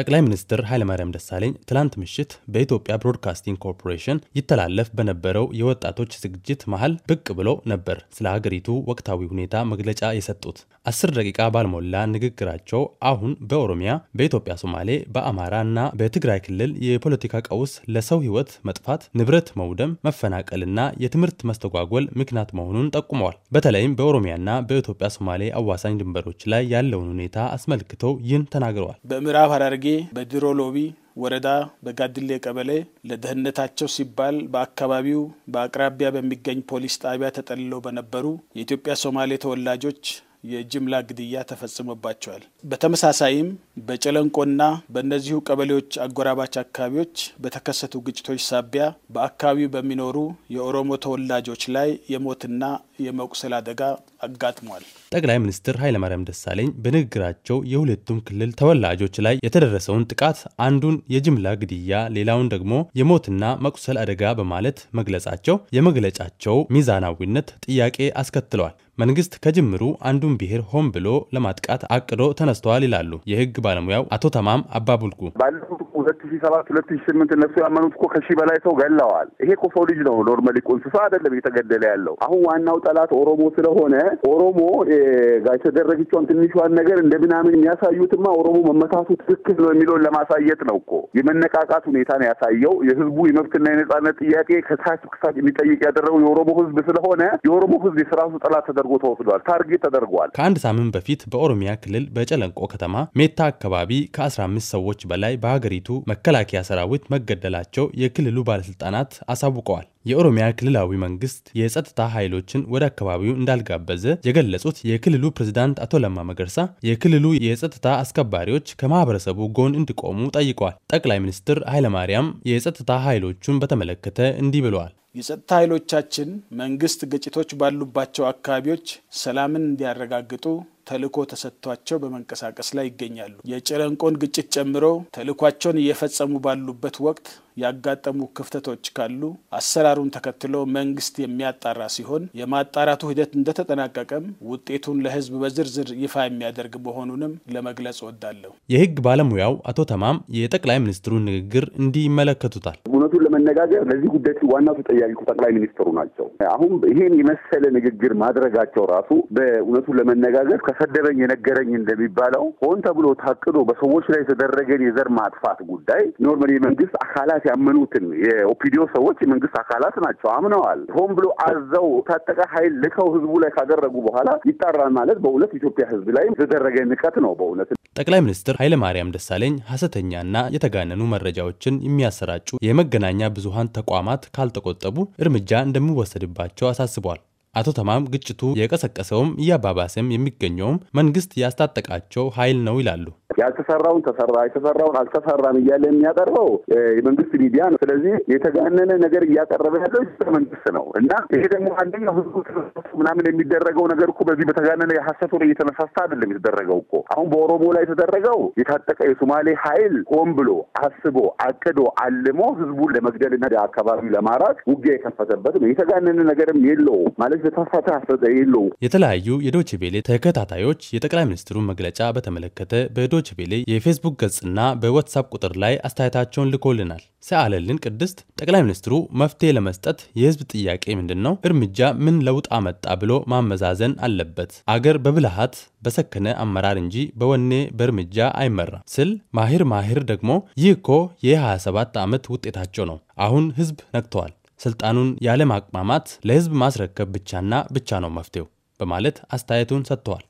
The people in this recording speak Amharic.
ጠቅላይ ሚኒስትር ኃይለማርያም ደሳለኝ ትላንት ምሽት በኢትዮጵያ ብሮድካስቲንግ ኮርፖሬሽን ይተላለፍ በነበረው የወጣቶች ዝግጅት መሀል ብቅ ብሎ ነበር ስለ ሀገሪቱ ወቅታዊ ሁኔታ መግለጫ የሰጡት። አስር ደቂቃ ባልሞላ ንግግራቸው አሁን በኦሮሚያ፣ በኢትዮጵያ ሶማሌ፣ በአማራ እና በትግራይ ክልል የፖለቲካ ቀውስ ለሰው ህይወት መጥፋት፣ ንብረት መውደም፣ መፈናቀልና የትምህርት መስተጓጎል ምክንያት መሆኑን ጠቁመዋል። በተለይም በኦሮሚያና በኢትዮጵያ ሶማሌ አዋሳኝ ድንበሮች ላይ ያለውን ሁኔታ አስመልክተው ይህን ተናግረዋል። በምዕራብ ሐረርጌ በድሮ ሎቢ ወረዳ በጋድሌ ቀበሌ ለደህንነታቸው ሲባል በአካባቢው በአቅራቢያ በሚገኝ ፖሊስ ጣቢያ ተጠልለው በነበሩ የኢትዮጵያ ሶማሌ ተወላጆች የጅምላ ግድያ ተፈጽሞባቸዋል። በተመሳሳይም በጨለንቆና በእነዚሁ ቀበሌዎች አጎራባች አካባቢዎች በተከሰቱ ግጭቶች ሳቢያ በአካባቢው በሚኖሩ የኦሮሞ ተወላጆች ላይ የሞትና የመቁሰል አደጋ አጋጥሟል። ጠቅላይ ሚኒስትር ኃይለማርያም ደሳለኝ በንግግራቸው የሁለቱም ክልል ተወላጆች ላይ የተደረሰውን ጥቃት አንዱን የጅምላ ግድያ፣ ሌላውን ደግሞ የሞትና መቁሰል አደጋ በማለት መግለጻቸው የመግለጫቸው ሚዛናዊነት ጥያቄ አስከትለዋል። መንግስት ከጅምሩ አንዱን ብሔር ሆን ብሎ ለማጥቃት አቅዶ ተነስተዋል ይላሉ የህግ ባለሙያው አቶ ተማም አባቡልኩ ባለፉት ሁለት ሺ ሰባት ሁለት ሺ ስምንት እነሱ ያመኑት እኮ ከሺህ በላይ ሰው ገለዋል። ይሄ እኮ ሰው ልጅ ነው ኖርማሊ እኮ እንስሳ አይደለም እየተገደለ ያለው። አሁን ዋናው ጠላት ኦሮሞ ስለሆነ ኦሮሞ ጋር የተደረገችውን ትንሿን ነገር እንደ ምናምን የሚያሳዩትማ ኦሮሞ መመታቱ ትክክል ነው የሚለውን ለማሳየት ነው እኮ የመነቃቃት ሁኔታ ነው ያሳየው። የህዝቡ የመብትና የነጻነት ጥያቄ ከታች ክሳት የሚጠይቅ ያደረገው የኦሮሞ ህዝብ ስለሆነ የኦሮሞ ህዝብ የስራሱ ጠላት ተደርጎ ተወስዷል፣ ታርጌት ተደርጓል። ከአንድ ሳምንት በፊት በኦሮሚያ ክልል በጨለንቆ ከተማ ሜታ አካባቢ ከአስራ አምስት ሰዎች በላይ በሀገሪቱ መከላከያ ሰራዊት መገደላቸው የክልሉ ባለስልጣናት አሳውቀዋል። የኦሮሚያ ክልላዊ መንግስት የጸጥታ ኃይሎችን ወደ አካባቢው እንዳልጋበዘ የገለጹት የክልሉ ፕሬዝዳንት አቶ ለማ መገርሳ የክልሉ የጸጥታ አስከባሪዎች ከማህበረሰቡ ጎን እንዲቆሙ ጠይቋል። ጠቅላይ ሚኒስትር ኃይለማርያም የጸጥታ ኃይሎቹን በተመለከተ እንዲህ ብለዋል። የጸጥታ ኃይሎቻችን መንግስት ግጭቶች ባሉባቸው አካባቢዎች ሰላምን እንዲያረጋግጡ ተልእኮ ተሰጥቷቸው በመንቀሳቀስ ላይ ይገኛሉ። የጭረንቆን ግጭት ጨምሮ ተልእኳቸውን እየፈጸሙ ባሉበት ወቅት ያጋጠሙ ክፍተቶች ካሉ አሰራሩን ተከትሎ መንግስት የሚያጣራ ሲሆን የማጣራቱ ሂደት እንደተጠናቀቀም ውጤቱን ለሕዝብ በዝርዝር ይፋ የሚያደርግ መሆኑንም ለመግለጽ ወዳለሁ። የህግ ባለሙያው አቶ ተማም የጠቅላይ ሚኒስትሩን ንግግር እንዲህ ይመለከቱታል። እውነቱን ለመነጋገር ለዚህ ጉዳይ ዋናው ተጠያቂ ጠቅላይ ሚኒስትሩ ናቸው። አሁን ይሄን የመሰለ ንግግር ማድረጋቸው ራሱ በእውነቱን ለመነጋገር ከሰደበኝ የነገረኝ እንደሚባለው ሆን ተብሎ ታቅዶ በሰዎች ላይ የተደረገን የዘር ማጥፋት ጉዳይ ኖርማል የመንግስት አካላት ያመኑትን የኦፒዲዮ ሰዎች የመንግስት አካላት ናቸው፣ አምነዋል። ሆን ብሎ አዘው ታጠቀ ኃይል ልከው ህዝቡ ላይ ካደረጉ በኋላ ይጣራል ማለት በእውነት ኢትዮጵያ ህዝብ ላይ የተደረገ ንቀት ነው። በእውነት ጠቅላይ ሚኒስትር ኃይለማርያም ደሳለኝ ሀሰተኛና የተጋነኑ መረጃዎችን የሚያሰራጩ የመገ የመገናኛ ብዙሃን ተቋማት ካልተቆጠቡ እርምጃ እንደሚወሰድባቸው አሳስቧል። አቶ ተማም ግጭቱ የቀሰቀሰውም እያባባሰም የሚገኘውም መንግስት ያስታጠቃቸው ኃይል ነው ይላሉ። ያልተሰራውን ተሰራ የተሰራውን አልተሰራም እያለ የሚያቀርበው የመንግስት ሚዲያ ነው። ስለዚህ የተጋነነ ነገር እያቀረበ ያለው መንግስት ነው እና ይሄ ደግሞ አንደኛው ህዝቡ ምናምን የሚደረገው ነገር እኮ በዚህ በተጋነነ የሀሰት ወደ እየተነሳሳ አይደለም የተደረገው እኮ አሁን በኦሮሞ ላይ የተደረገው የታጠቀ የሶማሌ ኃይል ሆን ብሎ አስቦ አቅዶ አልሞ ህዝቡን ለመግደልና አካባቢ ለማራት ውጊያ የከፈተበት ነው። የተጋነነ ነገርም የለውም ማለት የህዝብ ተሳታፊ የለውም። የተለያዩ የዶች ቤሌ ተከታታዮች የጠቅላይ ሚኒስትሩን መግለጫ በተመለከተ በዶች ቤሌ የፌስቡክ ገጽና በዋትሳፕ ቁጥር ላይ አስተያየታቸውን ልኮልናል። ሰአለልን ቅድስት ጠቅላይ ሚኒስትሩ መፍትሄ ለመስጠት የህዝብ ጥያቄ ምንድን ነው፣ እርምጃ ምን ለውጥ አመጣ ብሎ ማመዛዘን አለበት። አገር በብልሃት በሰከነ አመራር እንጂ በወኔ በእርምጃ አይመራም ስል ማሂር ማሂር ደግሞ ይህ እኮ የ27 ዓመት ውጤታቸው ነው። አሁን ህዝብ ነቅተዋል። ስልጣኑን ያለማቅማማት ለህዝብ ማስረከብ ብቻና ብቻ ነው መፍትሄው በማለት አስተያየቱን ሰጥተዋል።